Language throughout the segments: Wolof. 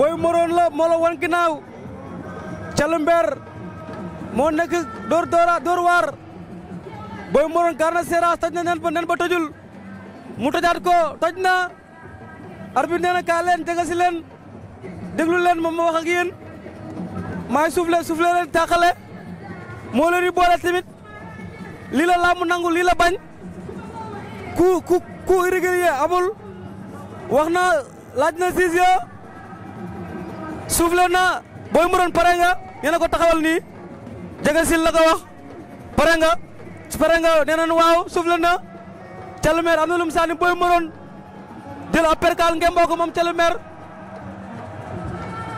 booy moroon la moo la wan ginnaaw calumbeer moo nekk door doora door waar booy moroon gaar na seeraas toj na tojul mu tojaat ko toj na kaa leen jege si leen ma wax ak yéen maay suufle moo leen di boole tamit lii la nangu lii bañ ku ku ku amul wax na laaj suuf boy na booy muroon pare nga nee ko taxawal ni jaga sil la ko wax paranga ci paranga nga nee na waaw suuf leen na Thialmer am na lu mu sànni booy muroon jël ab perkaal ngemboo ko moom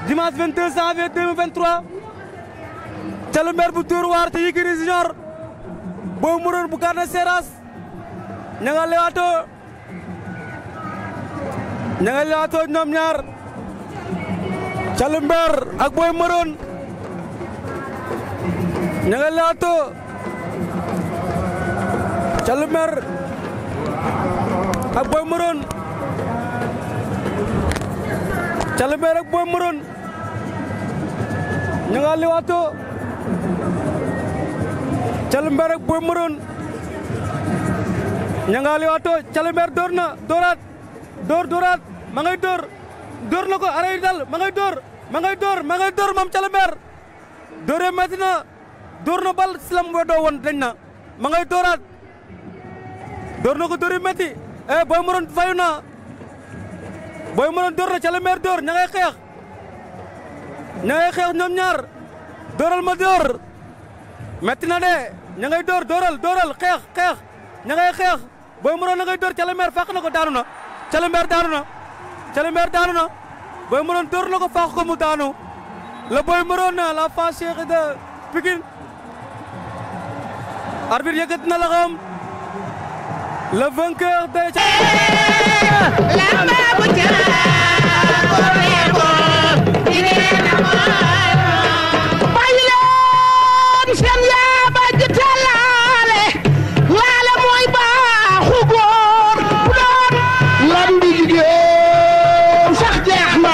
dimanche 22 janvier 2023 Thialmer bu tour war te yigiri Junior mu muroon bu Garnier Seras nga lewaatoo nga ñaar Caly Mber ak Boy Maroon ña nga laato Caly Mber ak Boy Maroon Caly Mber ak Boy Maroon ña nga liwaato Caly Mber ak Boy Maroon ña nga liwaato Caly Mber door na dooraat door dooraat ma ngay door dóor na ko aray dal ma ngay dóor ma ngay dóor ma ngay dóor mam Calambeer dóore métti na dóor na bal silam wedoo woon dañ na ma ngay dóoraat dóor na ko dóori métti eh booy moroon fayu na booy moroon door na Calambeer door ña ngay xeex ña ngay xeex ñaar dooral ma dóor métti na de ña ngay dóor dooral dóoral xeex xeex ña ngay xeex booy moroon na ngay dóor Calambeer fàq na ko daanu na Calambeer daanu na Calimère daanu na Boy Maron dóor na faax ko mu daanu la Boy Maron la fa Cheikh de Pikine arbitre yëkkati na loxoom le vainqueur de shut down.